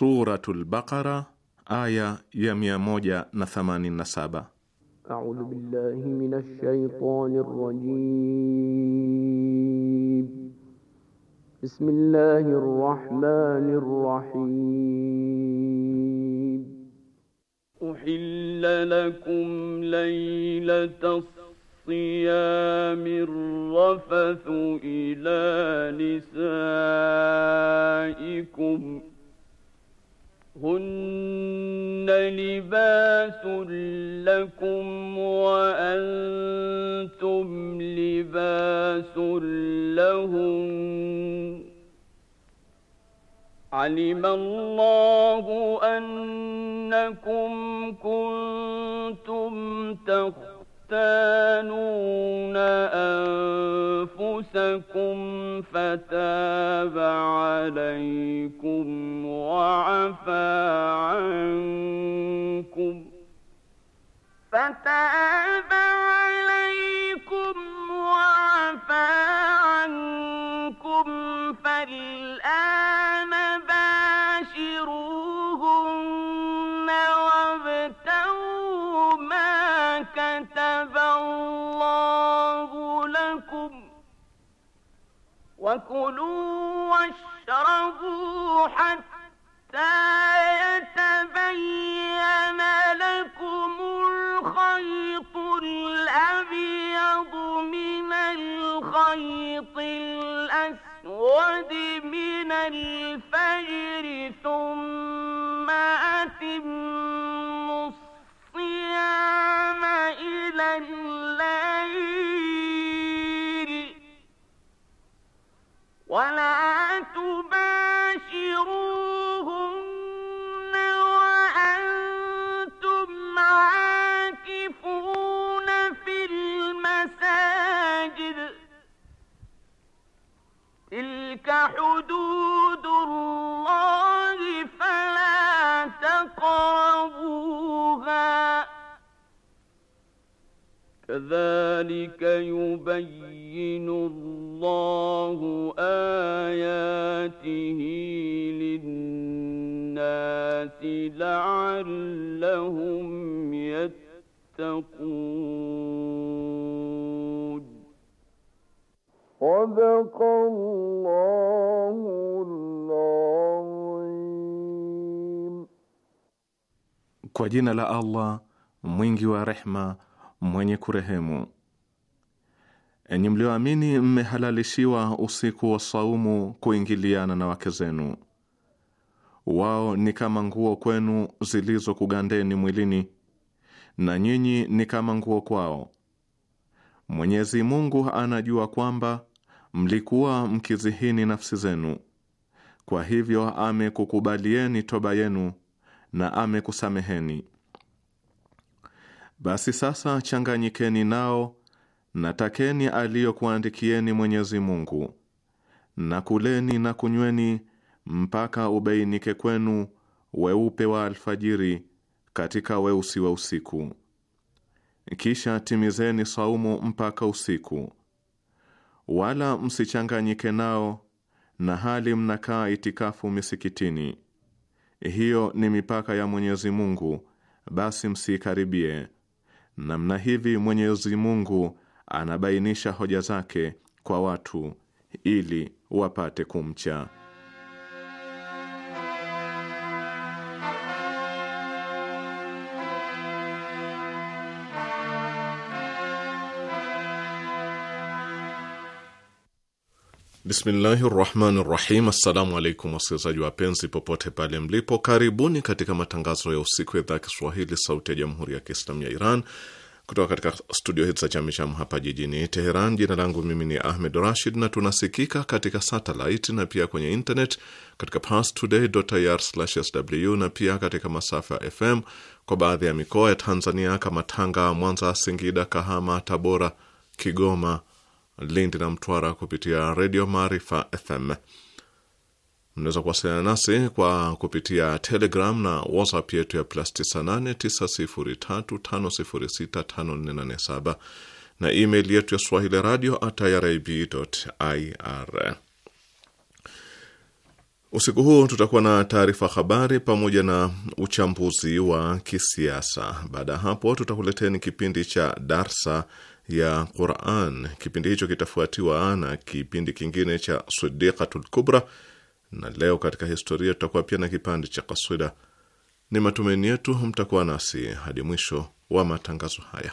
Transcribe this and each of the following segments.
Suratul Baqara aya ya na na saba. A'udhu billahi minash shaitanir rajim. Bismillahir rahmanir rahim. Uhilla lakum laylatas صيام الرفث إلى نسائكم هن لباس لكم وأنتم لباس لهم علم الله أنكم كنتم تخفون تختانون أنفسكم فتاب عليكم وعفى عنكم فتاب عليكم وعفى عنكم فالآن وكلوا واشربوا حتى يتبين لكم الخيط الأبيض من الخيط الأسود من الفجر ثم أتم كذلك يبين الله آياته للناس لعلهم يتقون صدق الله العظيم kwa jina الله allah mwingi mwenye kurehemu. Enyi mlioamini, mmehalalishiwa usiku wa saumu kuingiliana na wake zenu. Wao ni kama nguo kwenu zilizokugandeni mwilini, na nyinyi ni kama nguo kwao. Mwenyezi Mungu anajua kwamba mlikuwa mkizihini nafsi zenu, kwa hivyo amekukubalieni toba yenu na amekusameheni basi sasa changanyikeni nao na takeni aliyokuandikieni Mwenyezi Mungu na kuleni na kunyweni mpaka ubainike kwenu weupe wa alfajiri katika weusi wa usiku. Kisha timizeni saumu mpaka usiku, wala msichanganyike nao, na hali mnakaa itikafu misikitini. Hiyo ni mipaka ya Mwenyezi Mungu, basi msiikaribie. Namna hivi Mwenyezi Mungu anabainisha hoja zake kwa watu ili wapate kumcha. Bismillahi rahmani rahim. Assalamu alaikum wasikilizaji wapenzi popote pale mlipo, karibuni katika matangazo ya usiku ya idhaa ya Kiswahili sauti ya jamhuri ya Kiislamu ya Iran kutoka katika studio hizi za Chamisham hapa jijini Teheran. Jina langu mimi ni Ahmed Rashid na tunasikika katika satellite na pia kwenye internet katika parstoday.ir/sw na pia katika masafa ya FM kwa baadhi ya mikoa ya Tanzania kama Tanga, Mwanza, Singida, Kahama, Tabora, Kigoma, Lindi na Mtwara kupitia Redio Maarifa FM. Mnaweza kuwasiliana nasi kwa kupitia Telegram na WhatsApp yetu ya plus 989035065487 na email yetu ya swahili radio at irib.ir. Usiku huu tutakuwa na taarifa habari pamoja na uchambuzi wa kisiasa. Baada ya hapo, tutakuleteni kipindi cha darsa ya Quran. Kipindi hicho kitafuatiwa na kipindi kingine cha Sidiqatul Kubra, na leo katika historia tutakuwa pia na kipande cha kaswida. Ni matumaini yetu mtakuwa nasi hadi mwisho wa matangazo haya.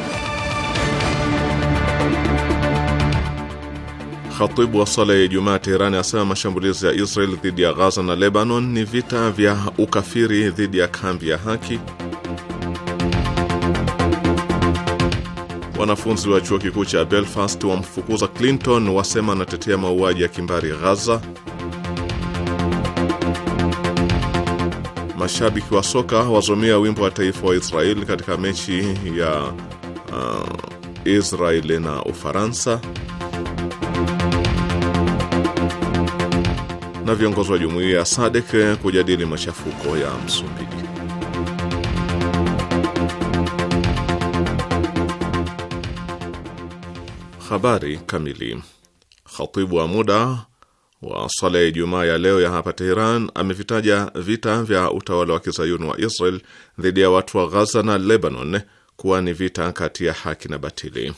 Khatibu wa swala ya Ijumaa Teherani asema mashambulizi ya Israel dhidi ya Ghaza na Lebanon ni vita vya ukafiri dhidi ya kambi ya haki. Wanafunzi wa chuo kikuu cha Belfast wamfukuza Clinton, wasema anatetea mauaji ya kimbari Ghaza. Mashabiki wa soka wazomea wimbo wa taifa wa Israel katika mechi ya uh, Israel na Ufaransa. na viongozi wa jumuiya ya SADC kujadili machafuko ya Msumbiji. Habari kamili. Khatibu wa muda wa swala ya Ijumaa ya leo ya hapa Teheran amevitaja vita vya utawala wa kizayuni wa Israel dhidi ya watu wa Ghaza na Lebanon kuwa ni vita kati ya haki na batili.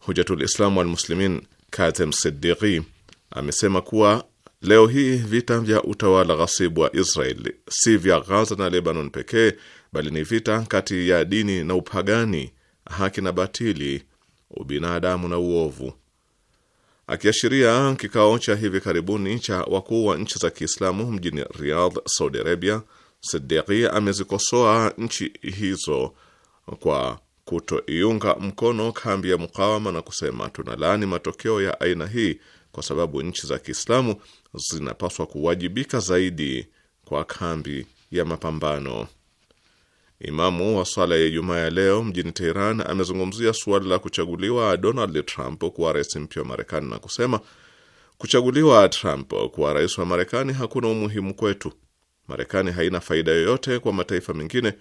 Hujatul Islamu Walmuslimin Kazem Siddiqi amesema kuwa Leo hii vita vya utawala ghasibu wa Israel si vya Ghaza na Lebanon pekee, bali ni vita kati ya dini na upagani, haki na batili, ubinadamu na uovu. Akiashiria kikao cha hivi karibuni cha wakuu wa nchi za Kiislamu mjini Riyadh, Saudi Arabia, Siddiqi amezikosoa nchi hizo kwa kutoiunga mkono kambi ya mukawama na kusema, tunalaani matokeo ya aina hii kwa sababu nchi za Kiislamu zinapaswa kuwajibika zaidi kwa kambi ya mapambano. Imamu wa swala ya Ijumaa ya leo mjini Teheran amezungumzia suala la kuchaguliwa Donald Trump kuwa rais mpya wa Marekani na kusema kuchaguliwa Trump kuwa rais wa Marekani hakuna umuhimu kwetu. Marekani haina faida yoyote kwa mataifa mengine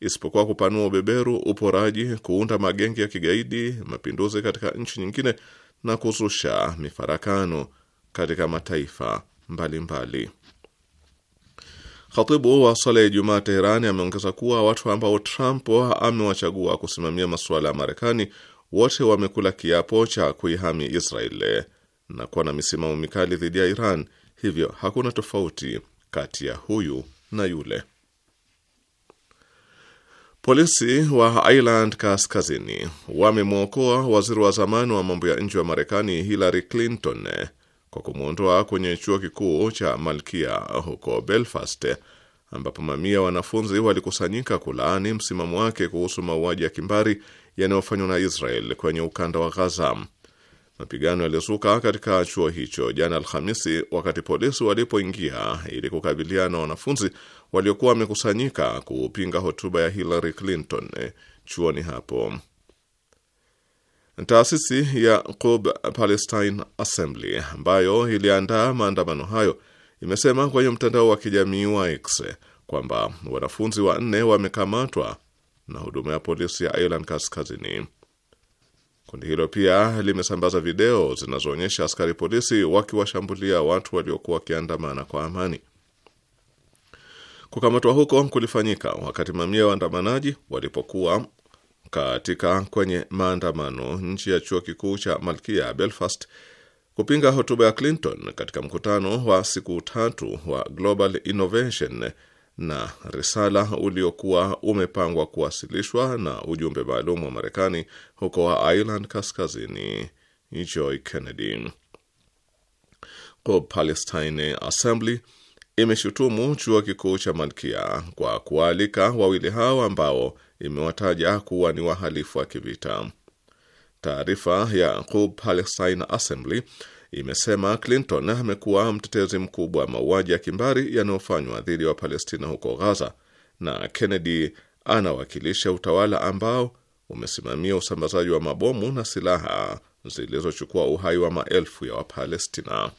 isipokuwa kupanua ubeberu, uporaji, kuunda magenge ya kigaidi, mapinduzi katika nchi nyingine na kuzusha mifarakano katika mataifa mbalimbali mbali. Khatibu wa swala ya Ijumaa Teherani ameongeza kuwa watu ambao Trump amewachagua kusimamia masuala ya Marekani wote wamekula kiapo cha kuihami Israel na kuwa na misimamo mikali dhidi ya Iran, hivyo hakuna tofauti kati ya huyu na yule. Polisi wa Ireland Kaskazini wamemwokoa waziri wa zamani wa mambo ya nje wa Marekani Hillary Clinton kwa kumwondoa kwenye chuo kikuu cha Malkia huko Belfast, ambapo mamia wanafunzi walikusanyika kulaani msimamo wake kuhusu mauaji ya kimbari yanayofanywa na Israel kwenye ukanda wa Gaza. Mapigano yalizuka katika chuo hicho jana Alhamisi, wakati polisi walipoingia ili kukabiliana na wanafunzi waliokuwa wamekusanyika kupinga hotuba ya Hillary Clinton eh, chuoni hapo. Taasisi ya Qub Palestine Assembly ambayo iliandaa maandamano hayo imesema kwenye mtandao wa kijamii wa X kwamba wanafunzi wanne wamekamatwa na huduma ya polisi ya Ireland Kaskazini. Kundi hilo pia limesambaza video zinazoonyesha askari polisi wakiwashambulia watu waliokuwa wakiandamana kwa amani. Kukamatwa huko kulifanyika wakati mamia ya waandamanaji walipokuwa katika kwenye maandamano nchi ya chuo kikuu cha Malkia Belfast kupinga hotuba ya Clinton katika mkutano wa siku tatu wa Global Innovation na risala uliokuwa umepangwa kuwasilishwa na ujumbe maalum wa Marekani huko wa Ireland Kaskazini Joy Kennedy. Palestine Assembly imeshutumu chuo kikuu cha Malkia kwa kualika wawili hao ambao imewataja kuwa ni wahalifu wa kivita. Taarifa ya Quds Palestine Assembly imesema Clinton amekuwa mtetezi mkubwa wa mauaji ya kimbari yanayofanywa dhidi ya Wapalestina huko Gaza, na Kennedy anawakilisha utawala ambao umesimamia usambazaji wa mabomu na silaha zilizochukua uhai wa maelfu ya Wapalestina.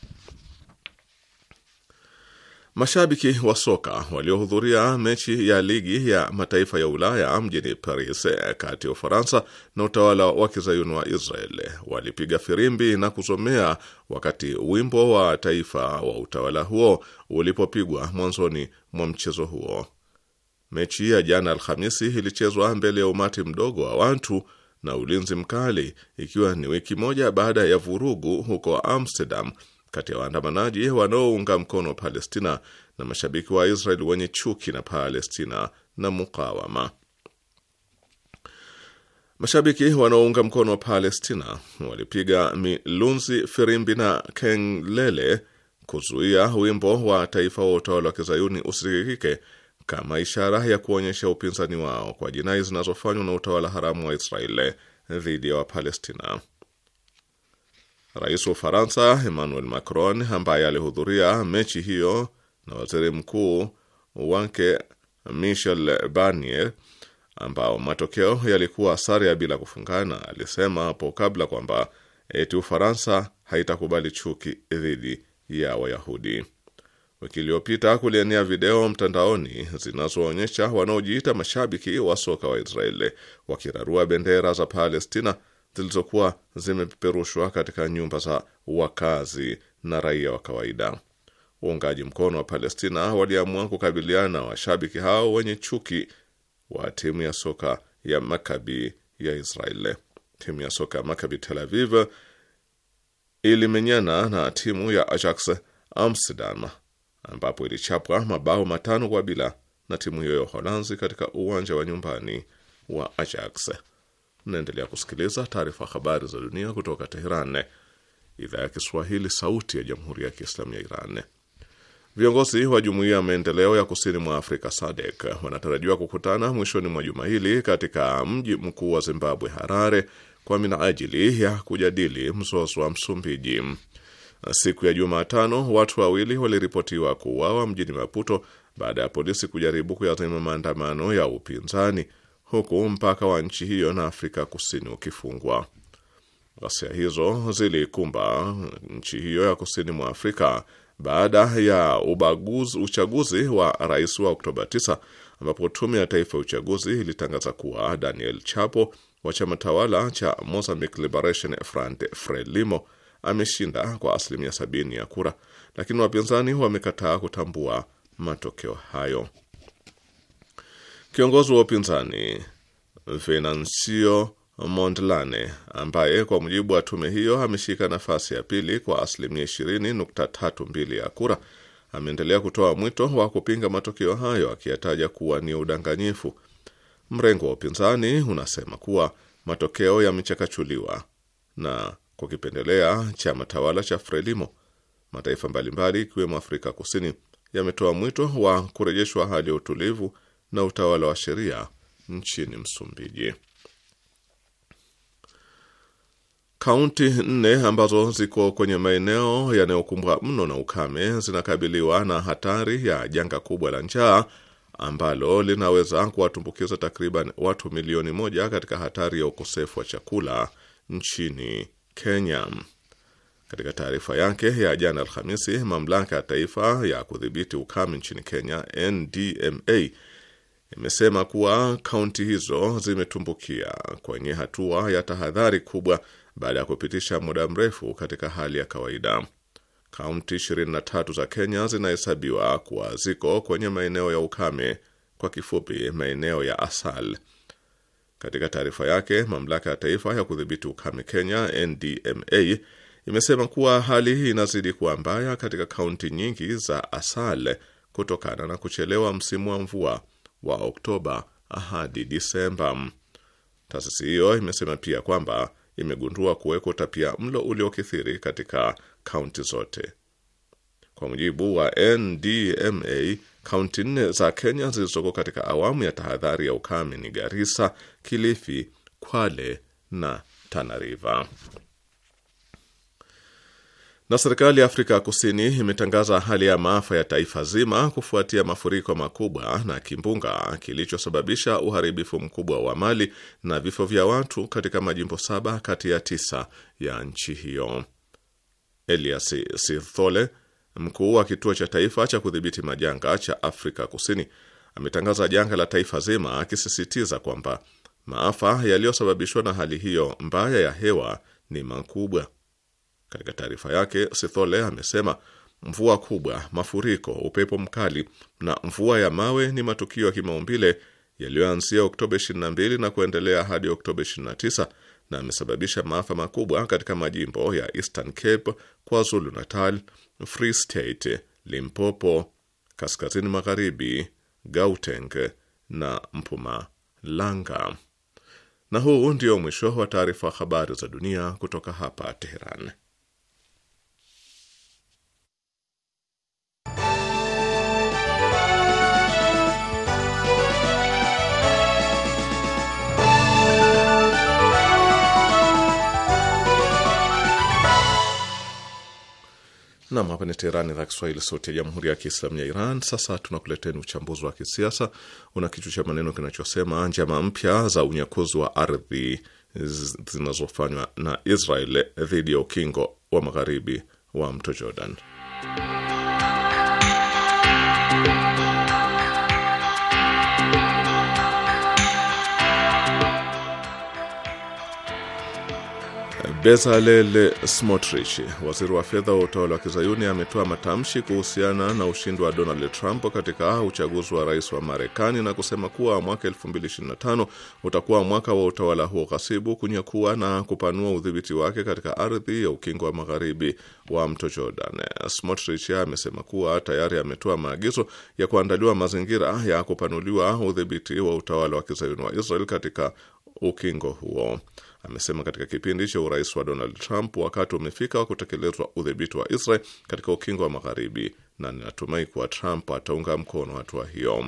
Mashabiki wa soka waliohudhuria mechi ya ligi ya mataifa ya Ulaya mjini Paris kati ya Ufaransa na utawala wa kizayuni wa Israel walipiga firimbi na kuzomea wakati wimbo wa taifa wa utawala huo ulipopigwa mwanzoni mwa mchezo huo. Mechi ya jana Alhamisi ilichezwa mbele ya umati mdogo wa watu na ulinzi mkali, ikiwa ni wiki moja baada ya vurugu huko Amsterdam kati ya waandamanaji wanaounga mkono Palestina na mashabiki wa Israel wenye chuki na Palestina na mukawama. Mashabiki wanaounga mkono wa Palestina walipiga milunzi, firimbi na kenglele kuzuia wimbo wa taifa wa utawala wa kizayuni usikikike kama ishara ya kuonyesha upinzani wao kwa jinai zinazofanywa na utawala haramu wa Israeli dhidi ya Wapalestina. Rais wa Ufaransa Emmanuel Macron ambaye alihudhuria mechi hiyo na waziri mkuu wake Michel Barnier, ambao matokeo yalikuwa sare ya bila kufungana, alisema hapo kabla kwamba eti Ufaransa haitakubali chuki dhidi ya Wayahudi. Wiki iliyopita kulienea video mtandaoni zinazoonyesha wanaojiita mashabiki wa soka wa Israeli wakirarua bendera za Palestina zilizokuwa zimepeperushwa katika nyumba za wakazi na raia wa kawaida. Waungaji mkono wa Palestina waliamua kukabiliana na washabiki hao wenye chuki wa timu ya soka ya Makabi ya Israeli. Timu ya soka ya Makabi Tel Aviv ilimenyana na timu ya Ajax Amsterdam ambapo ilichapwa mabao matano kwa bila na timu hiyo ya Uholanzi katika uwanja wa nyumbani wa Ajax. Mnaendelea kusikiliza taarifa habari za dunia kutoka Teheran, idhaa ya Kiswahili, sauti ya jamhuri ya kiislamu ya Iran. Viongozi wa jumuiya ya maendeleo ya kusini mwa Afrika SADC wanatarajiwa kukutana mwishoni mwa juma hili katika mji mkuu wa Zimbabwe, Harare, kwa minajili ya kujadili mzozo wa Msumbiji. Siku ya Jumatano, watu wawili waliripotiwa kuuawa mjini Maputo baada ya polisi kujaribu kuyazima maandamano ya upinzani huku mpaka wa nchi hiyo na Afrika Kusini ukifungwa. Ghasia hizo zilikumba nchi hiyo ya kusini mwa Afrika baada ya ubaguzi, uchaguzi wa rais wa Oktoba 9 ambapo tume ya taifa ya uchaguzi ilitangaza kuwa Daniel Chapo wa chama tawala cha Mozambique Liberation Front Frelimo ameshinda kwa asilimia sabini ya kura, lakini wapinzani wamekataa kutambua matokeo hayo. Kiongozi wa upinzani Venancio Mondlane ambaye kwa mujibu wa tume hiyo ameshika nafasi ya pili kwa asilimia mbili ya kura ameendelea kutoa mwito wa kupinga matokeo hayo akiyataja kuwa ni udanganyifu. Mrengo wa upinzani unasema kuwa matokeo yamechakachuliwa na kwa kipendelea chama tawala cha Frelimo. Mataifa mbalimbali ikiwemo Afrika Kusini yametoa mwito wa kurejeshwa hali ya utulivu na utawala wa sheria nchini Msumbiji. Kaunti nne ambazo ziko kwenye maeneo yanayokumbwa mno na ukame zinakabiliwa na hatari ya janga kubwa la njaa ambalo linaweza kuwatumbukiza takriban watu milioni moja katika hatari ya ukosefu wa chakula nchini Kenya. Katika taarifa yake ya jana Alhamisi, mamlaka ya taifa ya kudhibiti ukame nchini Kenya, NDMA, imesema kuwa kaunti hizo zimetumbukia kwenye hatua ya tahadhari kubwa baada ya kupitisha muda mrefu katika hali ya kawaida. Kaunti 23 za Kenya zinahesabiwa kuwa ziko kwenye maeneo ya ukame, kwa kifupi maeneo ya ASAL. Katika taarifa yake, mamlaka ya taifa ya kudhibiti ukame Kenya, NDMA, imesema kuwa hali hii inazidi kuwa mbaya katika kaunti nyingi za ASAL kutokana na kuchelewa msimu wa mvua wa Oktoba hadi Disemba. Taasisi hiyo imesema pia kwamba imegundua kuweko utapia mlo uliokithiri katika kaunti zote. Kwa mujibu wa NDMA, kaunti nne za Kenya zilizoko katika awamu ya tahadhari ya ukame ni Garissa, Kilifi, Kwale na Tana River. Na serikali ya Afrika ya Kusini imetangaza hali ya maafa ya taifa zima kufuatia mafuriko makubwa na kimbunga kilichosababisha uharibifu mkubwa wa mali na vifo vya watu katika majimbo saba kati ya tisa ya nchi hiyo. Elias sithole mkuu wa kituo cha taifa cha kudhibiti majanga cha Afrika Kusini, ametangaza janga la taifa zima, akisisitiza kwamba maafa yaliyosababishwa na hali hiyo mbaya ya hewa ni makubwa. Katika taarifa yake, Sithole amesema mvua kubwa, mafuriko, upepo mkali na mvua ya mawe ni matukio ya kimaumbile yaliyoanzia Oktoba 22 na kuendelea hadi Oktoba 29 na amesababisha maafa makubwa katika majimbo ya Eastern Cape, KwaZulu Natal, Free State, Limpopo, Kaskazini Magharibi, Gauteng na Mpumalanga. Na huu ndio mwisho wa taarifa habari za dunia kutoka hapa Teheran. Nam, hapa ni Teherani, idhaa Kiswahili, sauti ya jamhuri ya kiislamu ya Iran. Sasa tunakuleteni uchambuzi wa kisiasa una kichwa cha maneno kinachosema njama mpya za unyakuzi wa ardhi zinazofanywa na Israel dhidi ya ukingo wa magharibi wa mto Jordan. Bezalel Smotrich, waziri wa fedha wa utawala wa Kizayuni, ametoa matamshi kuhusiana na ushindi wa Donald Trump katika uchaguzi wa rais wa Marekani na kusema kuwa mwaka 2025 utakuwa mwaka wa utawala huo ghasibu kunyakua na kupanua udhibiti wake katika ardhi ya ukingo wa magharibi wa mto Jordan. Smotrich amesema kuwa tayari ametoa maagizo ya kuandaliwa mazingira ya kupanuliwa udhibiti wa utawala wa Kizayuni wa Israel katika ukingo huo amesema katika kipindi cha urais wa Donald Trump wakati umefika wa kutekelezwa udhibiti wa Israel katika ukingo wa Magharibi, na ninatumai kuwa Trump ataunga mkono hatua hiyo.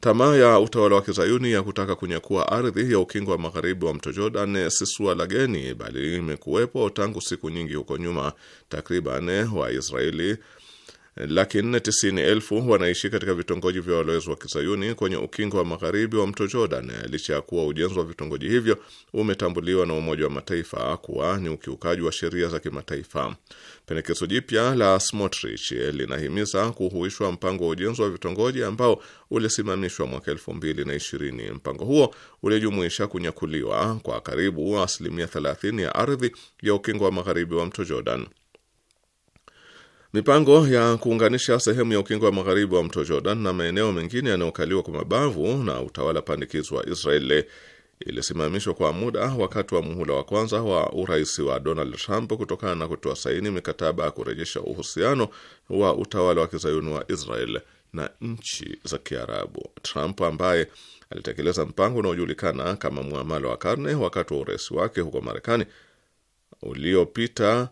Tamaa ya utawala wa kizayuni ya kutaka kunyakua ardhi ya ukingo wa magharibi wa mto Jordan si suala la geni, bali imekuwepo tangu siku nyingi huko nyuma. Takriban Waisraeli laki nne tisini elfu wanaishi katika vitongoji vya walowezi wa kizayuni kwenye ukingo wa magharibi wa mto Jordan, licha ya kuwa ujenzi wa vitongoji hivyo umetambuliwa na Umoja wa Mataifa kuwa ni ukiukaji wa sheria za kimataifa. Pendekezo jipya la Smotrich linahimiza kuhuishwa mpango wa ujenzi wa vitongoji ambao ulisimamishwa mwaka elfu mbili na ishirini. Mpango huo ulijumuisha kunyakuliwa kwa karibu asilimia 30 ya ardhi ya ukingo wa magharibi wa mto Jordan. Mipango ya kuunganisha sehemu ya ukingo wa magharibi wa mto Jordan na maeneo mengine yanayokaliwa kwa mabavu na utawala pandikizi wa Israeli ilisimamishwa kwa muda wakati wa muhula wa kwanza wa urais wa Donald Trump kutokana na kutoa saini mikataba ya kurejesha uhusiano wa utawala wa kizayuni wa Israel na nchi za Kiarabu. Trump ambaye alitekeleza mpango unaojulikana kama mwamala wa karne wakati wa urais wake huko Marekani uliopita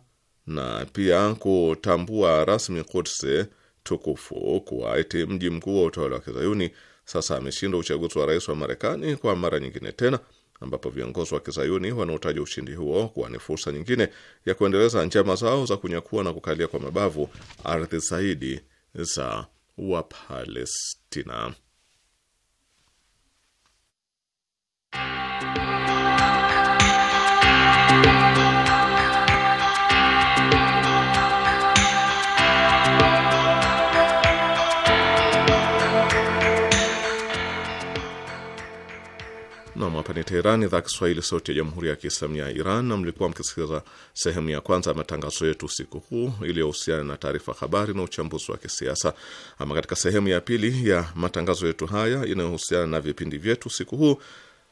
na pia kutambua rasmi kutse tukufu kuwa eti mji mkuu wa utawala wa kizayuni sasa ameshindwa uchaguzi wa rais wa Marekani kwa mara nyingine tena, ambapo viongozi wa kizayuni wanaotaja ushindi huo kuwa ni fursa nyingine ya kuendeleza njama zao za kunyakua na kukalia kwa mabavu ardhi zaidi za Wapalestina. Nam, hapa ni Teherani, idhaa Kiswahili, sauti ya jamhuri ya kiislamu ya Iran, na mlikuwa mkisikiliza sehemu ya kwanza ya matangazo yetu usiku huu iliyohusiana na taarifa habari na uchambuzi wa kisiasa. Ama katika sehemu ya pili ya matangazo yetu haya inayohusiana na vipindi vyetu usiku huu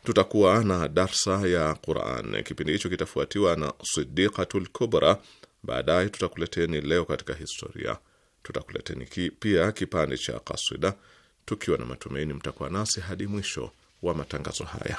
tutakuwa na darsa ya Quran. Kipindi hicho kitafuatiwa na Sidiqatul Kubra. Baadaye tutakuleteni leo katika historia, tutakuleteni pia kipande cha kaswida, tukiwa na matumaini mtakuwa nasi hadi mwisho wa matangazo haya.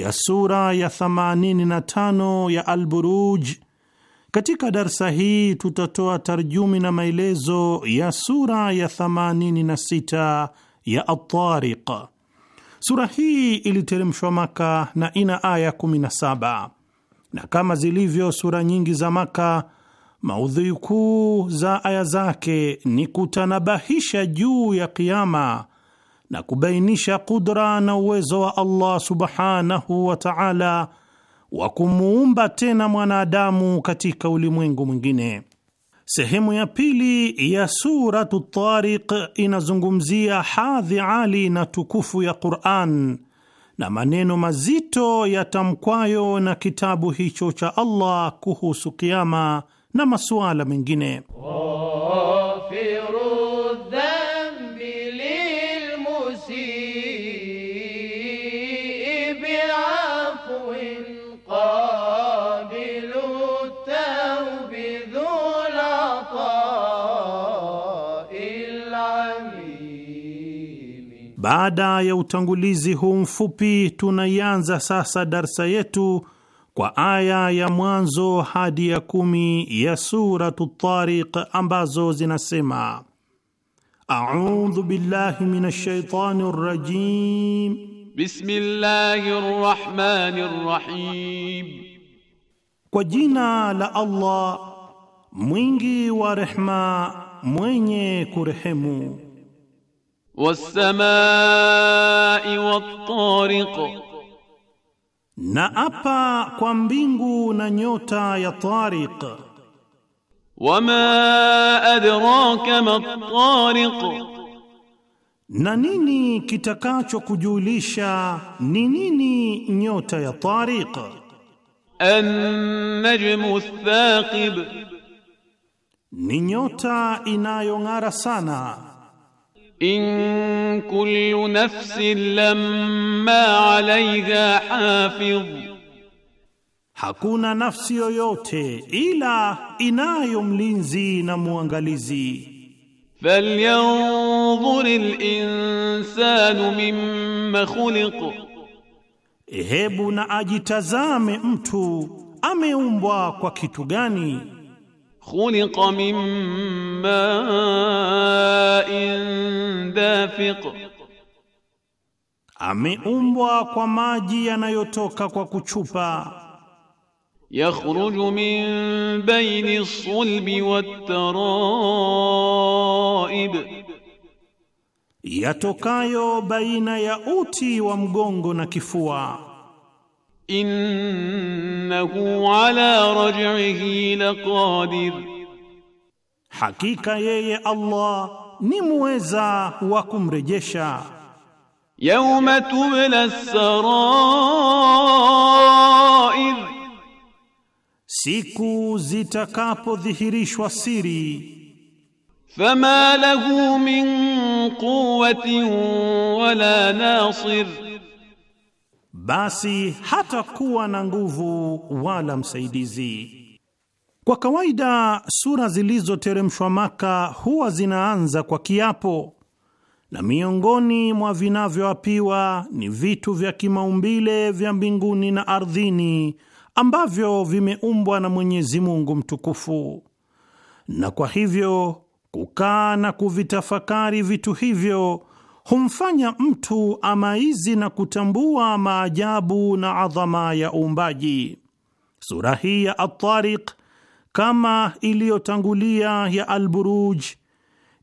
ya sura ya 85 ya Al-Buruj. Katika darsa hii tutatoa tarjumi na maelezo ya sura ya 86 ya At-Tariq. Sura hii iliteremshwa Maka na ina aya 17, na kama zilivyo sura nyingi za Maka, maudhui kuu za aya zake ni kutanabahisha juu ya Kiama na kubainisha kudra na uwezo wa Allah subhanahu wa ta'ala wa kumuumba tena mwanadamu katika ulimwengu mwingine. Sehemu ya pili ya Suratu Tariq inazungumzia hadhi ali na tukufu ya Qur'an na maneno mazito yatamkwayo na kitabu hicho cha Allah kuhusu kiama na masuala mengine oh, Baada ya utangulizi huu mfupi, tunaianza sasa darsa yetu kwa aya ya mwanzo hadi ya kumi ya Suratu Tariq ambazo zinasema: audhu billahi minash shaitani rajim, rahim, kwa jina la Allah mwingi wa rehma mwenye kurehemu wassamai wattariq, na apa kwa mbingu na nyota ya Tariq. Wama adraka mattariq, na nini kitakachokujulisha ni nini nyota ya Tariq? An-najmu ath-thaqib, ni nyota inayong'ara sana In kullu nafsin lamma alaiha hafiz, hakuna nafsi yoyote ila inayo mlinzi na mwangalizi. Falyanzur al-insanu mimma khuliq, hebu na ajitazame mtu ameumbwa kwa kitu gani? khuliqa min ma'in dafiq, ameumbwa kwa maji yanayotoka kwa kuchupa. Yakhruju min baini sulbi wattaraib, yatokayo baina ya uti wa mgongo na kifua. إنه على رجعه لقادر حقيقة يا الله نمويزا وكم رجشا يوم تبلى السرائر سيكو زيتا كابو ذهريش وصيري فما له من قوة ولا ناصر basi hatakuwa na nguvu wala msaidizi. Kwa kawaida sura zilizoteremshwa Maka huwa zinaanza kwa kiapo, na miongoni mwa vinavyoapiwa ni vitu vya kimaumbile vya mbinguni na ardhini ambavyo vimeumbwa na Mwenyezi Mungu mtukufu, na kwa hivyo kukaa na kuvitafakari vitu hivyo humfanya mtu amaizi na kutambua maajabu na adhama ya uumbaji. Sura hii ya At-Tariq kama iliyotangulia ya Al-Buruj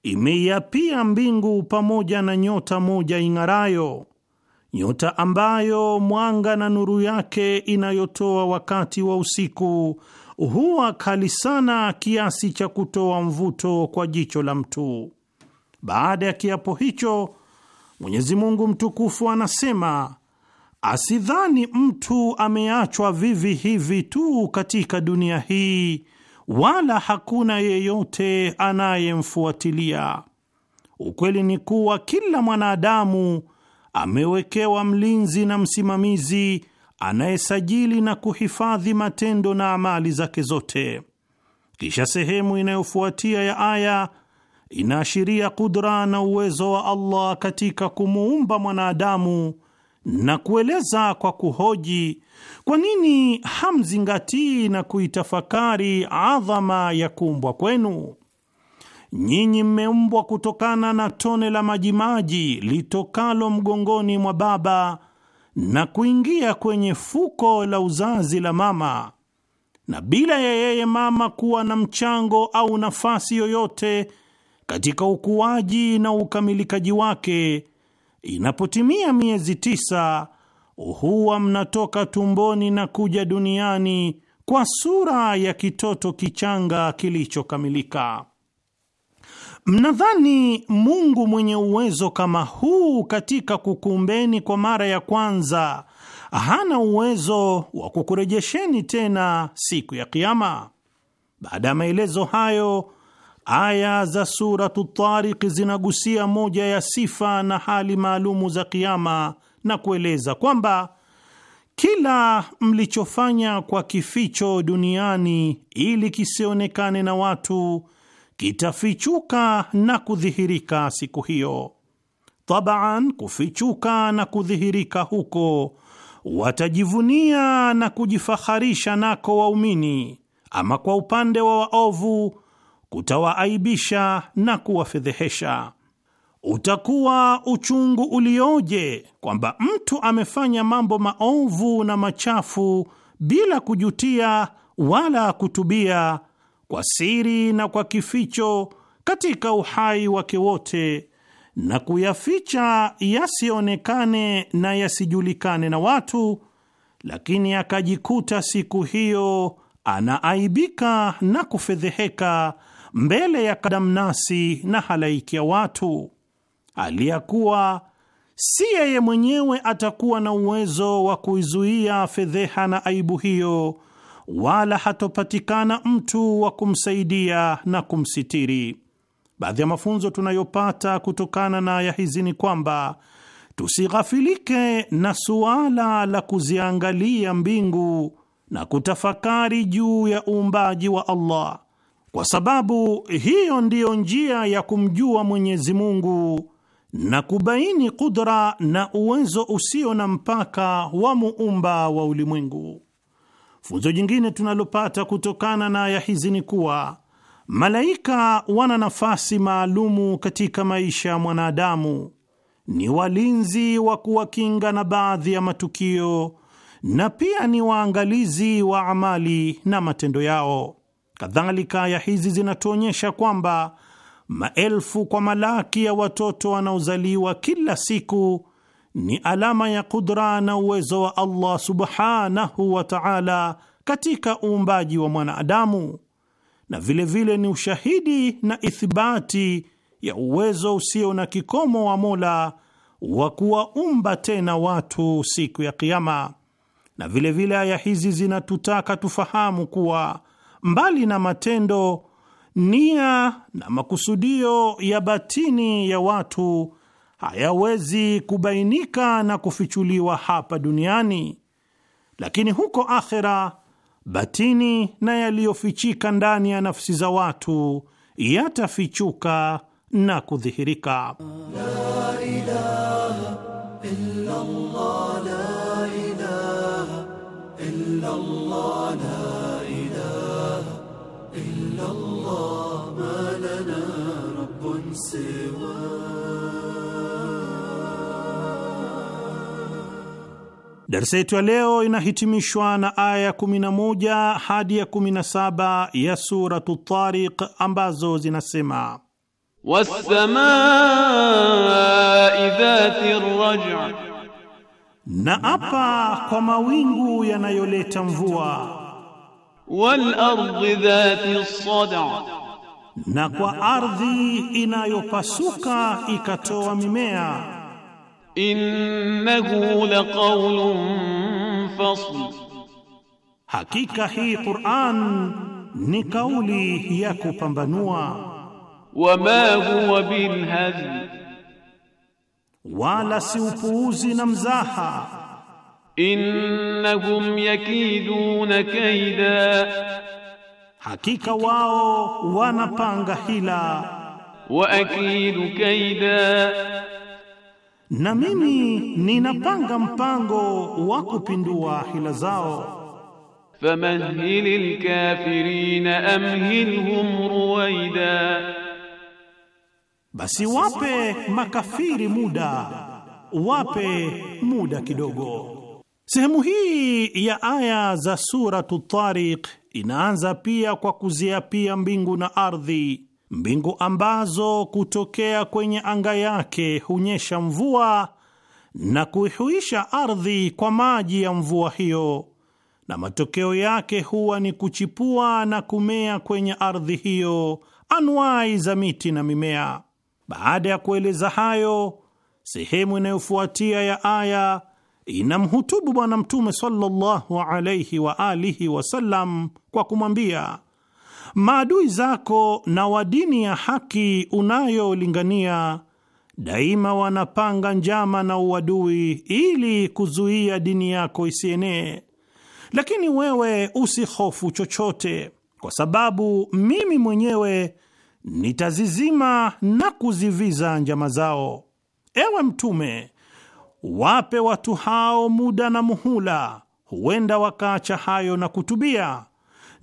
imeiapia mbingu pamoja na nyota moja ing'arayo, nyota ambayo mwanga na nuru yake inayotoa wakati wa usiku huwa kali sana kiasi cha kutoa mvuto kwa jicho la mtu. Baada ya kiapo hicho Mwenyezi Mungu mtukufu anasema, asidhani mtu ameachwa vivi hivi tu katika dunia hii, wala hakuna yeyote anayemfuatilia. Ukweli ni kuwa kila mwanadamu amewekewa mlinzi na msimamizi anayesajili na kuhifadhi matendo na amali zake zote. Kisha sehemu inayofuatia ya aya inaashiria kudra na uwezo wa Allah katika kumuumba mwanadamu na kueleza kwa kuhoji kwa nini hamzingatii na kuitafakari adhama ya kuumbwa kwenu. Nyinyi mmeumbwa kutokana na tone la majimaji litokalo mgongoni mwa baba na kuingia kwenye fuko la uzazi la mama, na bila ya yeye mama kuwa na mchango au nafasi yoyote katika ukuaji na ukamilikaji wake, inapotimia miezi tisa huwa mnatoka tumboni na kuja duniani kwa sura ya kitoto kichanga kilichokamilika. Mnadhani Mungu mwenye uwezo kama huu katika kukumbeni kwa mara ya kwanza hana uwezo wa kukurejesheni tena siku ya Kiama? Baada ya maelezo hayo Aya za Suratu Tariq zinagusia moja ya sifa na hali maalumu za kiama na kueleza kwamba kila mlichofanya kwa kificho duniani ili kisionekane na watu kitafichuka na kudhihirika siku hiyo. Tabaan, kufichuka na kudhihirika huko watajivunia na kujifaharisha nako waumini. Ama kwa upande wa waovu kutawaaibisha na kuwafedhehesha. Utakuwa uchungu ulioje kwamba mtu amefanya mambo maovu na machafu bila kujutia wala kutubia, kwa siri na kwa kificho, katika uhai wake wote, na kuyaficha yasionekane na yasijulikane na watu, lakini akajikuta siku hiyo anaaibika na kufedheheka mbele ya kadamnasi na halaiki ya watu, aliyakuwa si yeye mwenyewe atakuwa na uwezo wa kuizuia fedheha na aibu hiyo, wala hatopatikana mtu wa kumsaidia na kumsitiri. Baadhi ya mafunzo tunayopata kutokana na aya hizi ni kwamba tusighafilike na suala la kuziangalia mbingu na kutafakari juu ya uumbaji wa Allah kwa sababu hiyo ndiyo njia ya kumjua Mwenyezi Mungu na kubaini kudra na uwezo usio na mpaka wa muumba wa ulimwengu. Funzo jingine tunalopata kutokana na aya hizi ni kuwa malaika wana nafasi maalumu katika maisha ya mwanadamu, ni walinzi wa kuwakinga na baadhi ya matukio na pia ni waangalizi wa amali na matendo yao. Kadhalika, aya hizi zinatuonyesha kwamba maelfu kwa malaki ya watoto wanaozaliwa kila siku ni alama ya kudra na uwezo wa Allah subhanahu wa ta'ala katika uumbaji wa mwanadamu na vilevile vile ni ushahidi na ithibati ya uwezo usio na kikomo wa Mola wa kuwaumba tena watu siku ya Kiyama. Na vilevile aya hizi zinatutaka tufahamu kuwa mbali na matendo, nia na makusudio ya batini ya watu hayawezi kubainika na kufichuliwa hapa duniani, lakini huko akhera batini na yaliyofichika ndani ya nafsi za watu yatafichuka na kudhihirika. La ilaha Darsa yetu ya leo inahitimishwa na aya ya 11 hadi ya 17 ya Suratu Tariq ambazo zinasema wassamai dhati na apa kwa mawingu yanayoleta mvua. dhati sada, na kwa ardhi inayopasuka ikatoa mimea innahu laqawlun fasl, hakika hii Qur'an ni kauli ya kupambanua. Wama huwa bilhadhi, wala si upuuzi na mzaha. Innahum yakiduna kaida, hakika wao wanapanga hila. Wa akidu kaida na mimi ninapanga mpango wa kupindua hila zao. famahili lkafirina amhilhum ruwaida, basi wape makafiri muda, wape muda kidogo. Sehemu hii ya aya za Suratu Tariq inaanza pia kwa kuziapia mbingu na ardhi mbingu ambazo kutokea kwenye anga yake hunyesha mvua na kuihuisha ardhi kwa maji ya mvua hiyo, na matokeo yake huwa ni kuchipua na kumea kwenye ardhi hiyo anwai za miti na mimea. Baada ya kueleza hayo, sehemu inayofuatia ya aya inamhutubu Bwana Mtume sallallahu alaihi wa alihi wasallam kwa kumwambia maadui zako na wa dini ya haki unayolingania daima wanapanga njama na uadui ili kuzuia dini yako isienee, lakini wewe usihofu chochote, kwa sababu mimi mwenyewe nitazizima na kuziviza njama zao. Ewe Mtume, wape watu hao muda na muhula, huenda wakaacha hayo na kutubia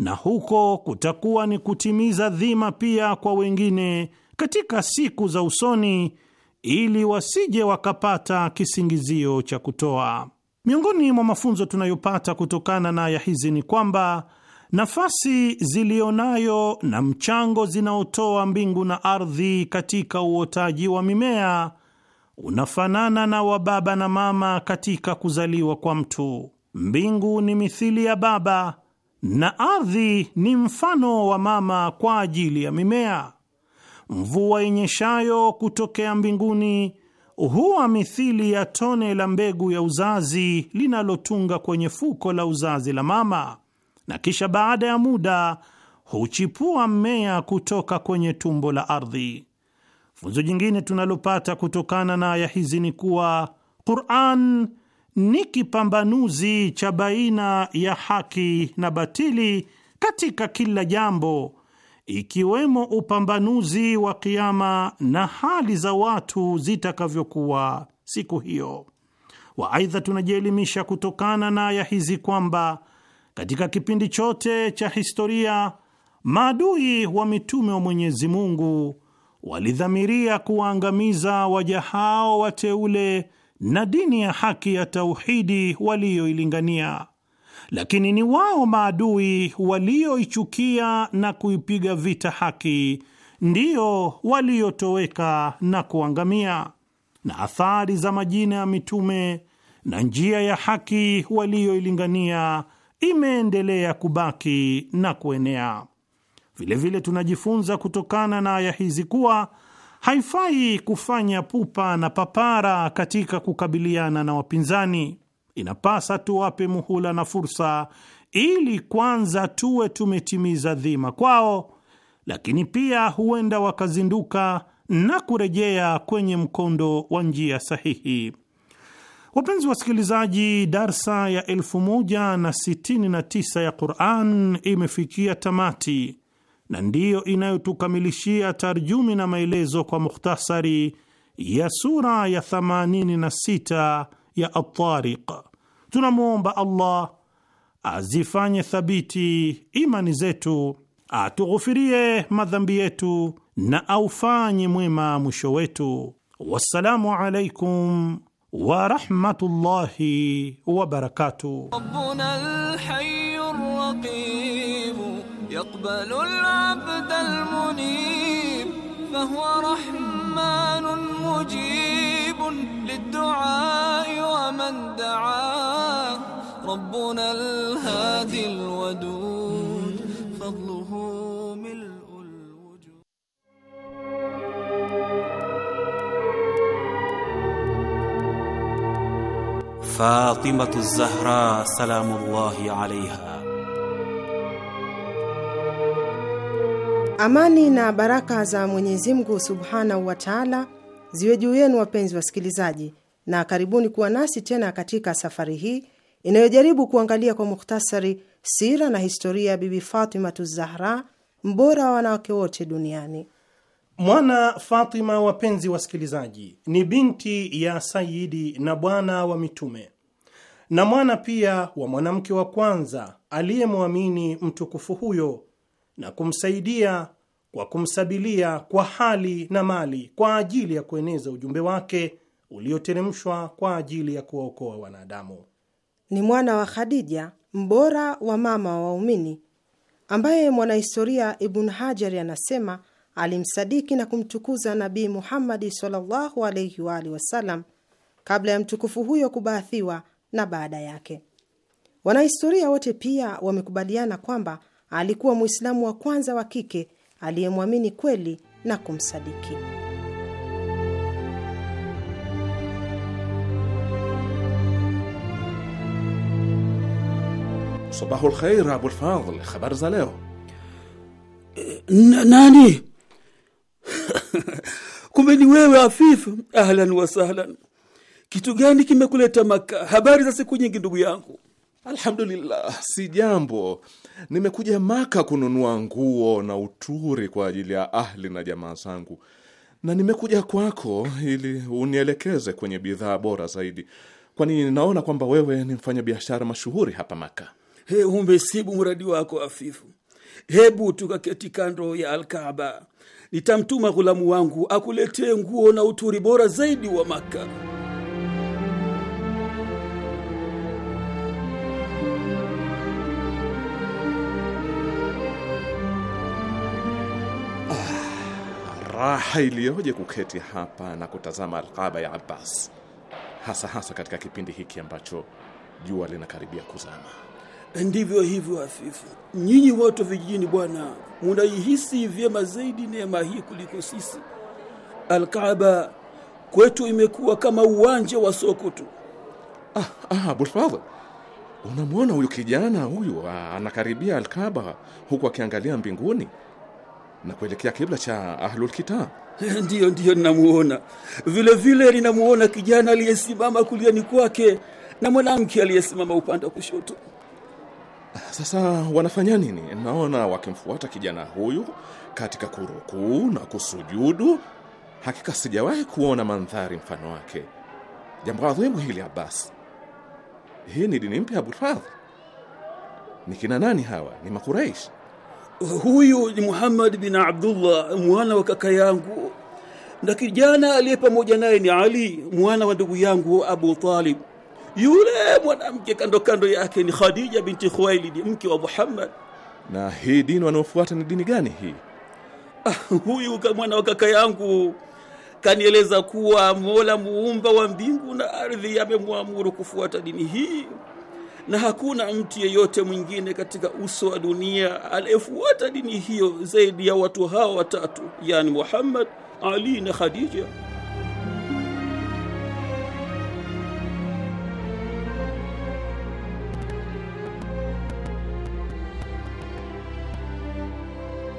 na huko kutakuwa ni kutimiza dhima pia kwa wengine katika siku za usoni, ili wasije wakapata kisingizio cha kutoa. Miongoni mwa mafunzo tunayopata kutokana na aya hizi ni kwamba nafasi zilionayo na mchango zinaotoa mbingu na ardhi katika uotaji wa mimea unafanana na wa baba na mama katika kuzaliwa kwa mtu. Mbingu ni mithili ya baba na ardhi ni mfano wa mama kwa ajili ya mimea. Mvua inyeshayo kutokea mbinguni huwa mithili ya tone la mbegu ya uzazi linalotunga kwenye fuko la uzazi la mama, na kisha baada ya muda huchipua mmea kutoka kwenye tumbo la ardhi. Funzo jingine tunalopata kutokana na aya hizi ni kuwa Qur'an ni kipambanuzi cha baina ya haki na batili katika kila jambo, ikiwemo upambanuzi wa kiama na hali za watu zitakavyokuwa siku hiyo. Waaidha, tunajielimisha kutokana na aya hizi kwamba katika kipindi chote cha historia maadui wa mitume wa Mwenyezi Mungu walidhamiria kuwaangamiza waja hao wateule na dini ya haki ya tauhidi waliyoilingania, lakini ni wao maadui walioichukia na kuipiga vita haki ndiyo waliotoweka na kuangamia, na athari za majina ya mitume na njia ya haki waliyoilingania imeendelea kubaki na kuenea. Vilevile tunajifunza kutokana na aya hizi kuwa Haifai kufanya pupa na papara katika kukabiliana na wapinzani. Inapasa tuwape muhula na fursa, ili kwanza tuwe tumetimiza dhima kwao, lakini pia huenda wakazinduka na kurejea kwenye mkondo wa njia sahihi. Wapenzi wasikilizaji, darsa ya 1069 ya Quran imefikia tamati na ndiyo inayotukamilishia tarjumi na maelezo kwa mukhtasari ya sura ya 86 ya At-Tariq. Tunamwomba Allah azifanye thabiti imani zetu, atughufirie madhambi yetu na aufanye mwema mwisho wetu. Wassalamu alaikum wa rahmatullahi wa barakatuh. يقبل العبد المنيب فهو رحمن مجيب للدعاء ومن دعاه ربنا الهادي الودود فضله ملء الوجود فاطمة الزهراء سلام الله عليها Amani na baraka za Mwenyezi Mungu subhanahu wa taala ziwe juu yenu, wapenzi wasikilizaji, na karibuni kuwa nasi tena katika safari hii inayojaribu kuangalia kwa mukhtasari sira na historia ya Bibi Fatimatu Zahra, mbora wa wanawake wote duniani. Mwana Fatima, wapenzi wasikilizaji, ni binti ya sayidi na bwana wa mitume na mwana pia wa mwanamke wa kwanza aliyemwamini mtukufu huyo na kumsaidia kwa kumsabilia kwa hali na mali kwa ajili ya kueneza ujumbe wake ulioteremshwa kwa ajili ya kuwaokoa wanadamu. Ni mwana wa Khadija, mbora wa mama wa waumini, ambaye mwanahistoria Ibn Hajari anasema alimsadiki na kumtukuza Nabii Muhammadi sallallahu alaihi wa alihi wasallam kabla ya mtukufu huyo kubaathiwa na baada yake. Wanahistoria wote pia wamekubaliana kwamba alikuwa Mwislamu wa kwanza wa kike aliyemwamini kweli na kumsadiki. Sabahu lkhair Abulfadl, habari za leo. Nani? Kumbe ni wewe Afif. Ahlan wasahlan. Kitu gani kimekuleta Maka? Habari za siku nyingi, ndugu yangu. Alhamdulillah, si jambo. Nimekuja Maka kununua nguo na uturi kwa ajili ya ahli na jamaa zangu, na nimekuja kwako ili unielekeze kwenye bidhaa bora zaidi, kwani ninaona kwamba wewe ni mfanya biashara mashuhuri hapa Maka. He, umesibu mradi wako afifu. Hebu tukaketi kando ya alkaba nitamtuma ghulamu wangu akuletee nguo na uturi bora zaidi wa Maka. Raha iliyoje kuketi hapa na kutazama Alkaba ya Abbas, hasa hasa katika kipindi hiki ambacho jua linakaribia kuzama. Ndivyo hivyo, Afifu. Nyinyi watu vijijini, bwana, munaihisi vyema zaidi neema hii kuliko sisi. alqaba kwetu imekuwa kama uwanja wa soko tu. Ah, ah, Abulfadhl, unamwona huyu kijana huyu, ah, anakaribia alkaba huku akiangalia mbinguni na kuelekea kibla cha Ahlulkitab. Ndiyo, ndiyo, ninamuona vilevile, ninamuona kijana aliyesimama kuliani kwake na mwanamke aliyesimama upande wa kushoto. Sasa wanafanya nini? Naona wakimfuata kijana huyu katika kurukuu na kusujudu. Hakika sijawahi kuona mandhari mfano wake. Jambo adhimu hili, Abbas. Hii ni dini mpya, Abulfadh? Ni kina nani hawa? Ni Makuraishi? huyu ni Muhammad bin Abdullah mwana wa kaka yangu, na kijana aliye pamoja naye ni Ali mwana wa ndugu yangu Abu Talib. Yule mwanamke kando kando yake ni Khadija binti Khuwailid, mke wa Muhammad. Na hii dini wanaofuata ni dini gani hii? Ah, huyu mwana wa kaka yangu kanieleza kuwa Mola muumba wa mbingu na ardhi amemwamuru kufuata dini hii na hakuna mtu yeyote mwingine katika uso wa dunia aliyefuata dini hiyo zaidi ya watu hawa watatu, yani Muhammad, Ali na Khadija.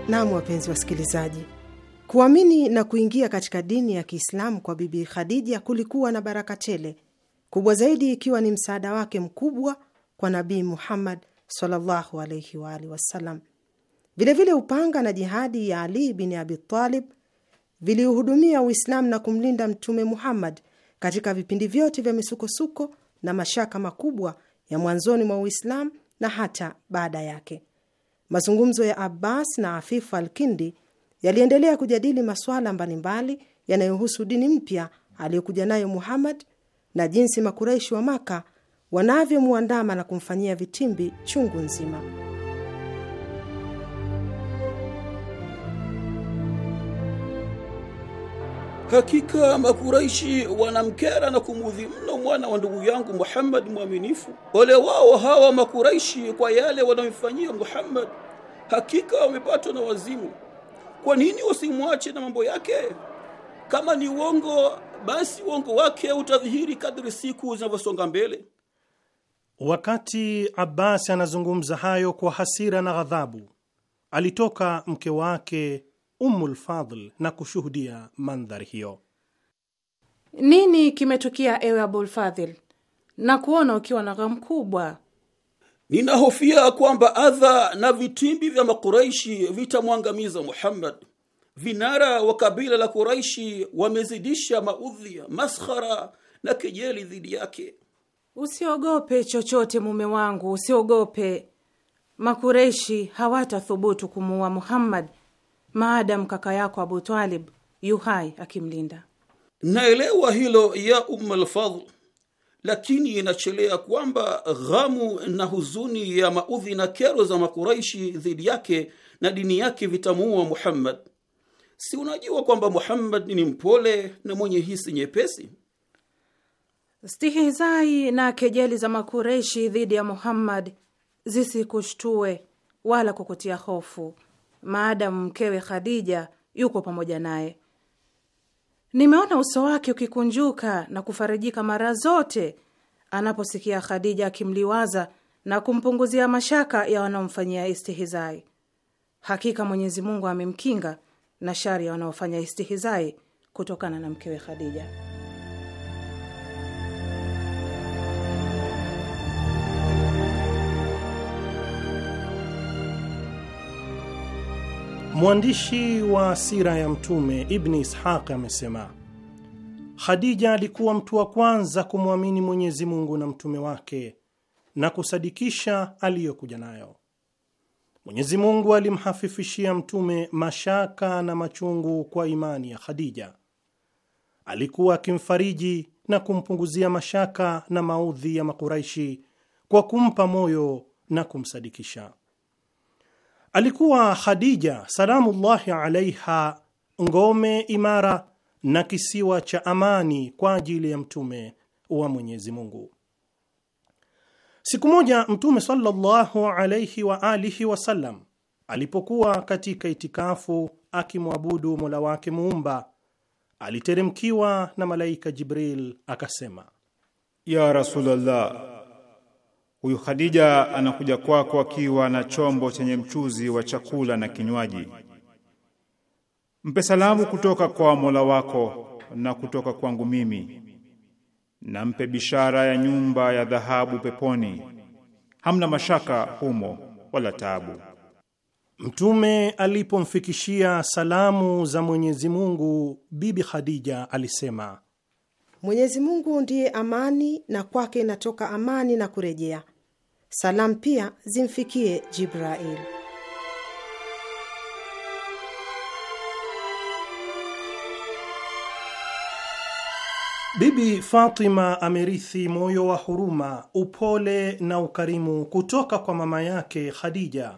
Naam, wapenzi wasikilizaji, kuamini na kuingia katika dini ya Kiislamu kwa Bibi Khadija kulikuwa na baraka tele kubwa zaidi, ikiwa ni msaada wake mkubwa kwa Nabii Muhammad sallallahu alaihi wa alihi wasallam. Vilevile upanga na jihadi ya Ali bin Abi Talib viliuhudumia Uislamu na kumlinda Mtume Muhammad katika vipindi vyote vya misukosuko na mashaka makubwa ya mwanzoni mwa Uislamu na hata baada yake. Mazungumzo ya Abbas na Afifu Alkindi yaliendelea kujadili masuala mbalimbali yanayohusu dini mpya aliyokuja nayo Muhammad na jinsi Makuraishi wa Maka wanavyomwandama na kumfanyia vitimbi chungu nzima. Hakika Makuraishi wanamkera na kumudhi mno mwana wa ndugu yangu Muhammad mwaminifu. Ole wao hawa Makuraishi kwa yale wanayomfanyia Muhammad. Hakika wamepatwa na wazimu. Kwa nini wasimwache na mambo yake? Kama ni uongo, basi uongo wake utadhihiri kadri siku zinavyosonga mbele. Wakati Abbas anazungumza hayo kwa hasira na ghadhabu, alitoka mke wake Ummul Fadl na kushuhudia mandhari hiyo. Nini kimetukia ewe Abul Fadhil? na kuona ukiwa na ghamu kubwa. Ninahofia kwamba adha na vitimbi vya Makuraishi vitamwangamiza Muhammad. Vinara wa kabila la Kuraishi wamezidisha maudhi, maskhara na kejeli dhidi yake. Usiogope chochote mume wangu, usiogope. Makureishi hawatathubutu kumuua Muhammad maadamu kaka yako Abu Talib yuhai akimlinda. Naelewa hilo ya Umm al lakini inachelea kwamba ghamu na huzuni ya maudhi na kero za Makuraishi dhidi yake na dini yake vitamuua Muhammad. Si unajua kwamba Muhammad ni mpole na mwenye hisi nyepesi? Stihizai na kejeli za Makureshi dhidi ya Muhammad zisikushtue wala kukutia hofu, maadamu mkewe Khadija yuko pamoja naye. Nimeona uso wake ukikunjuka na kufarijika mara zote anaposikia Khadija akimliwaza na kumpunguzia mashaka ya wanaomfanyia istihizai. Hakika Mwenyezi Mungu amemkinga na shari ya wanaofanya istihizai kutokana na mkewe Khadija. Mwandishi wa sira ya Mtume Ibni Ishaq amesema Khadija alikuwa mtu wa kwanza kumwamini Mwenyezi Mungu na mtume wake na kusadikisha aliyokuja nayo. Mwenyezi Mungu alimhafifishia mtume mashaka na machungu kwa imani ya Khadija. Alikuwa akimfariji na kumpunguzia mashaka na maudhi ya Makuraishi kwa kumpa moyo na kumsadikisha. Alikuwa Khadija salamullahi alaiha ngome imara na kisiwa cha amani kwa ajili ya mtume wa Mwenyezi Mungu. Siku moja mtume sallallahu alaihi wa alihi wasallam alipokuwa katika itikafu akimwabudu Mola wake muumba aliteremkiwa na malaika Jibril akasema, ya Rasulullah Huyu Khadija anakuja kwako akiwa na chombo chenye mchuzi wa chakula na kinywaji. Mpe salamu kutoka kwa Mola wako na kutoka kwangu mimi, na mpe bishara ya nyumba ya dhahabu peponi. Hamna mashaka humo wala taabu. Mtume alipomfikishia salamu za Mwenyezi Mungu, Bibi Khadija alisema: Mwenyezi Mungu ndiye amani, na kwake inatoka amani na kurejea salam pia zimfikie Jibrail. Bibi Fatima amerithi moyo wa huruma, upole na ukarimu kutoka kwa mama yake Khadija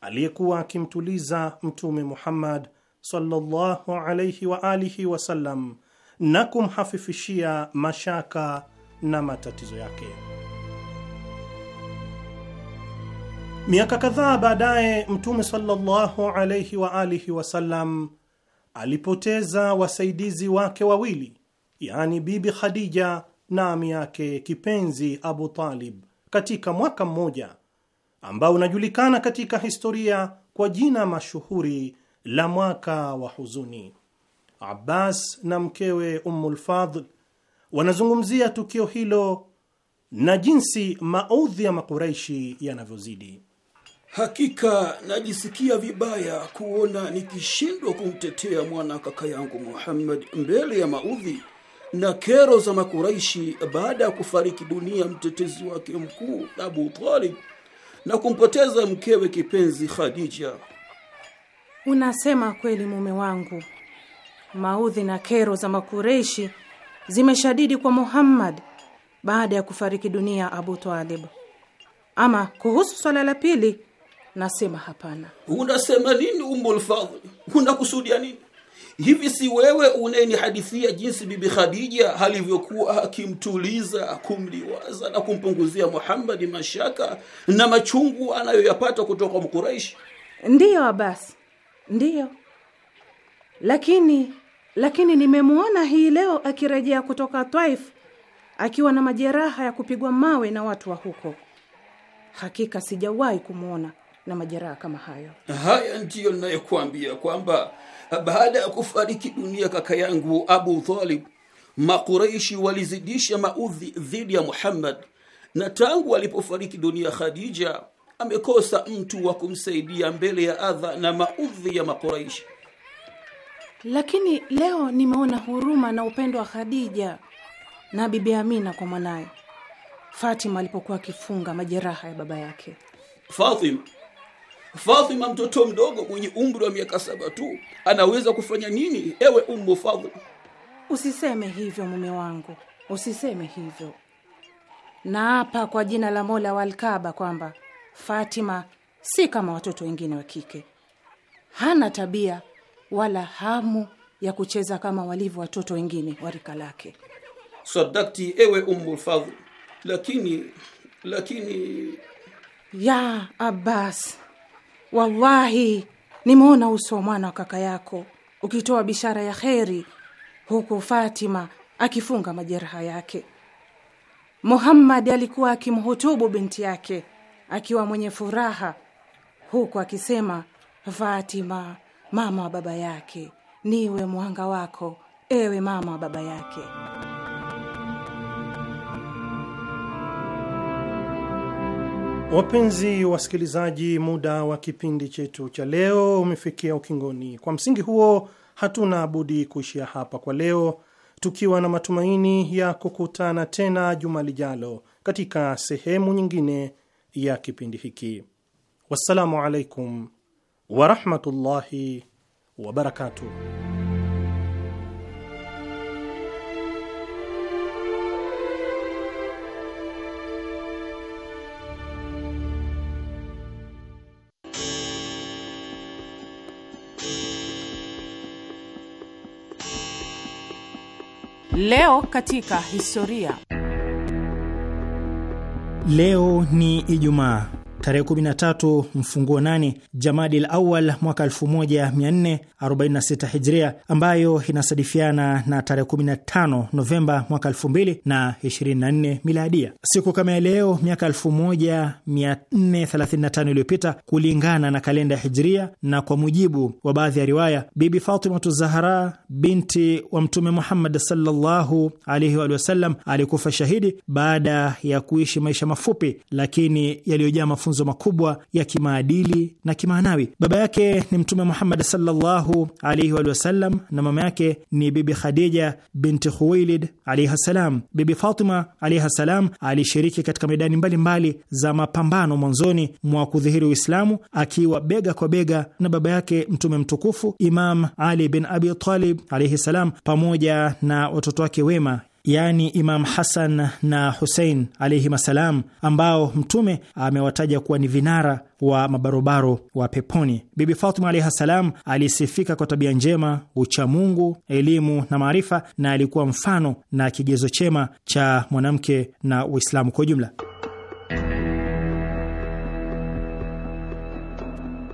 aliyekuwa akimtuliza Mtume Muhammad sallallahu alayhi wa alihi wasallam na kumhafifishia mashaka na matatizo yake. Miaka kadhaa baadaye Mtume sallallahu alaihi wa alihi wasallam alipoteza wasaidizi wake wawili, yani Bibi Khadija na ami yake kipenzi Abu Talib katika mwaka mmoja ambao unajulikana katika historia kwa jina mashuhuri la mwaka wa huzuni. Abbas na mkewe Ummulfadl wanazungumzia tukio hilo na jinsi maudhi ya Makuraishi yanavyozidi. Hakika najisikia vibaya kuona nikishindwa kumtetea mwana kaka yangu Muhammad mbele ya maudhi na kero za Makuraishi baada ya kufariki dunia mtetezi wake mkuu Abu Talib na kumpoteza mkewe kipenzi Khadija. Unasema kweli mume wangu, maudhi na kero za Makureishi zimeshadidi kwa Muhammad baada ya kufariki dunia Abu Talib. Ama kuhusu swala la pili Nasema hapana. Unasema nini umulfadhli Unakusudia nini? Hivi si wewe unayenihadithia jinsi Bibi Khadija alivyokuwa akimtuliza, kumliwaza na kumpunguzia muhammadi mashaka na machungu anayoyapata kutoka Mkuraishi? Ndiyo Abasi, ndiyo. Lakini lakini nimemwona hii leo akirejea kutoka Twaif akiwa na majeraha ya kupigwa mawe na watu wa huko. Hakika sijawahi kumwona na majeraha kama hayo. Haya ndiyo ninayokuambia kwamba baada ya kufariki dunia kaka yangu Abu Talib, Makuraishi walizidisha maudhi dhidi ya Muhammad, na tangu alipofariki dunia Khadija amekosa mtu wa kumsaidia mbele ya adha na maudhi ya Makuraishi. Lakini leo nimeona huruma na upendo wa Khadija na Bibi Amina kwa mwanaye Fatima alipokuwa akifunga majeraha ya baba yake Fatima Fathima mtoto mdogo mwenye umri wa miaka saba tu anaweza kufanya nini? Ewe umbo Fadhila, usiseme hivyo mume wangu, usiseme hivyo. Naapa kwa jina la Mola wa Alkaba kwamba Fatima si kama watoto wengine wa kike, hana tabia wala hamu ya kucheza kama walivyo watoto wengine wa rika lake. Sadakti, ewe Ummu Fadhila, lakini lakini ya Abbas Wallahi, nimeona uso wa mwana wa kaka yako ukitoa bishara ya kheri, huku Fatima akifunga majeraha yake. Muhammad alikuwa akimhutubu binti yake akiwa mwenye furaha, huku akisema, Fatima, mama wa baba yake, niwe mwanga wako, ewe mama wa baba yake. Wapenzi wasikilizaji, muda wa kipindi chetu cha leo umefikia ukingoni. Kwa msingi huo, hatuna budi kuishia hapa kwa leo, tukiwa na matumaini ya kukutana tena juma lijalo katika sehemu nyingine ya kipindi hiki. Wassalamu alaikum warahmatullahi wabarakatuh. Leo katika historia. Leo ni Ijumaa tarehe 13 mfunguo 8 Jamadil Awal mwaka 1446 Hijria, ambayo inasadifiana na tarehe 15 Novemba mwaka 2024 Miladia. Siku kama ya leo miaka 1435 iliyopita kulingana na kalenda ya Hijria, na kwa mujibu wa baadhi ya riwaya, Bibi Fatimatu zahara binti wa Mtume Muhammad sallallahu alaihi wa sallam alikufa shahidi baada ya kuishi maisha mafupi lakini yaliyojaa mafunzo mafunzo makubwa ya kimaadili na kimaanawi. Baba yake ni Mtume Muhammad sallallahu alaihi wa sallam na mama yake ni Bibi Khadija binti Khuwailid alaihi salam. Bibi Fatima alaihi salam alishiriki katika medani mbalimbali mbali za mapambano mwanzoni mwa kudhihiri Uislamu, akiwa bega kwa bega na baba yake Mtume mtukufu Imam Ali bin Abi Talib alaihi salam pamoja na watoto wake wema yaani Imam Hasan na Husein alaihim assalam, ambao Mtume amewataja kuwa ni vinara wa mabarobaro wa peponi. Bibi Fatima alaihi alisifika kwa tabia njema, uchamungu, elimu na maarifa, na alikuwa mfano na kigezo chema cha mwanamke na Uislamu kwa ujumla.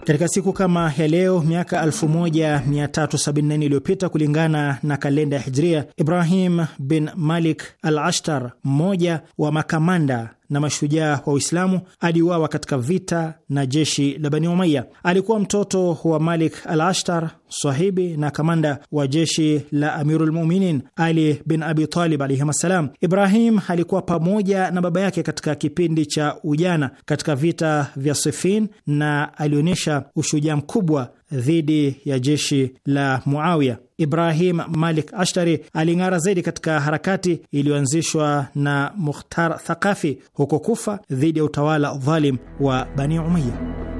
Katika siku kama ya leo miaka 1374 iliyopita kulingana na kalenda ya Hijria, Ibrahim bin Malik al Ashtar, mmoja wa makamanda na mashujaa wa Uislamu aliuawa katika vita na jeshi la Bani Umaya. Alikuwa mtoto wa Malik al Ashtar, sahibi na kamanda wa jeshi la Amirulmuminin Ali bin Abitalib alaihim assalam. Ibrahim alikuwa pamoja na baba yake katika kipindi cha ujana katika vita vya Sifin na alionyesha ushujaa mkubwa dhidi ya jeshi la Muawiya. Ibrahim Malik Ashtari aling'ara zaidi katika harakati iliyoanzishwa na Mukhtar Thaqafi huko Kufa dhidi ya utawala dhalim wa Bani umaya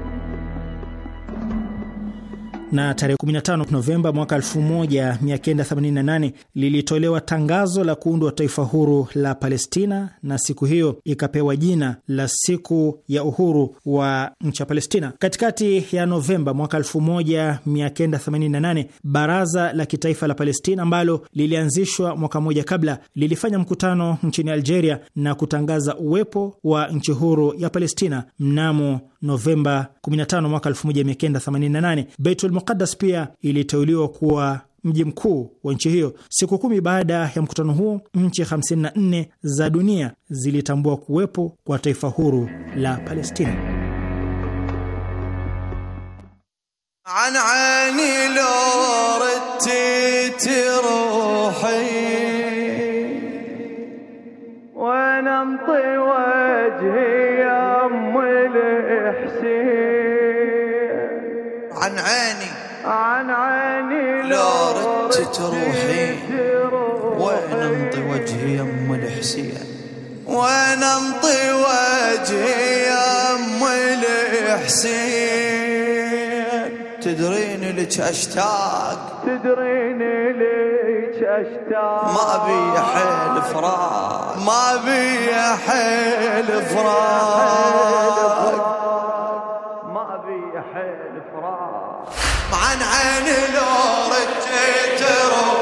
na tarehe 15 Novemba mwaka 1988 lilitolewa tangazo la kuundwa taifa huru la Palestina, na siku hiyo ikapewa jina la siku ya uhuru wa nchi ya Palestina. Katikati ya Novemba mwaka 1988 baraza la kitaifa la Palestina ambalo lilianzishwa mwaka mmoja kabla lilifanya mkutano nchini Algeria na kutangaza uwepo wa nchi huru ya Palestina mnamo Novemba 15 mwaka 1988. Baitul Muqaddas pia iliteuliwa kuwa mji mkuu wa nchi hiyo. Siku kumi baada ya mkutano huo, nchi 54 za dunia zilitambua kuwepo kwa taifa huru la Palestina. عن نسيت عن عيني عن عيني لو ردت تروحي وين امضي وجهي يم الحسين وين امضي وجهي يم الحسين تدرين لك اشتاق تدرين لك اشتاق ما بي حيل فراق ما بي حيل فراق عيني لو رجيت روح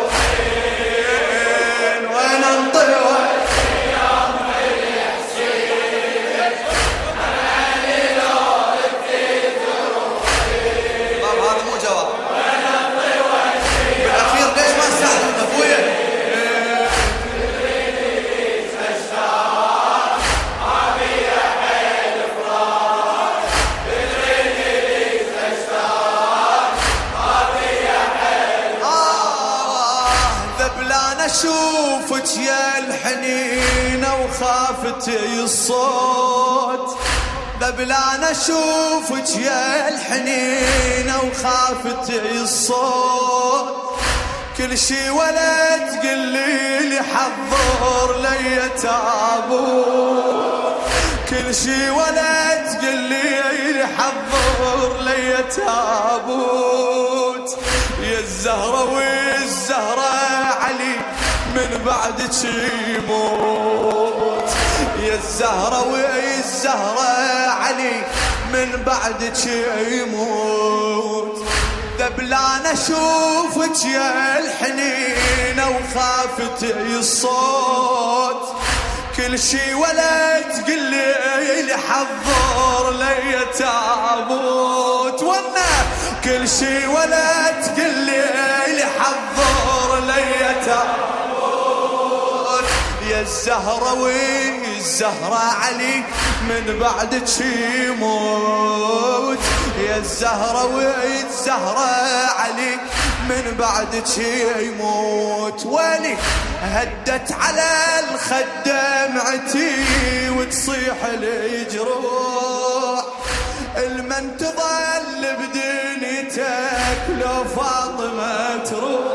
اشوفك يا الحنينة وخافت الصوت انا اشوفك يا الحنينة وخافت الصوت كل شي ولا تقلي لي حضر لي تابوت كل شي ولا تقلي لي حضر لي تابوت يا الزهرة والزهرة بعد تيموت يا الزهرة ويا الزهرة علي من بعد يموت دبلان اشوفك يا الحنينة وخافت الصوت كل شي ولا تقلي حضر لي تابوت وانا كل شي ولا تقلي حضر لي تابوت الزهرة والزهرة علي من بعد يموت يا الزهراوي والزهرة علي من بعد يموت ولي هدت على الخد دمعتي وتصيح الجروح المن تظل بدنيتك لو فاطمة تروح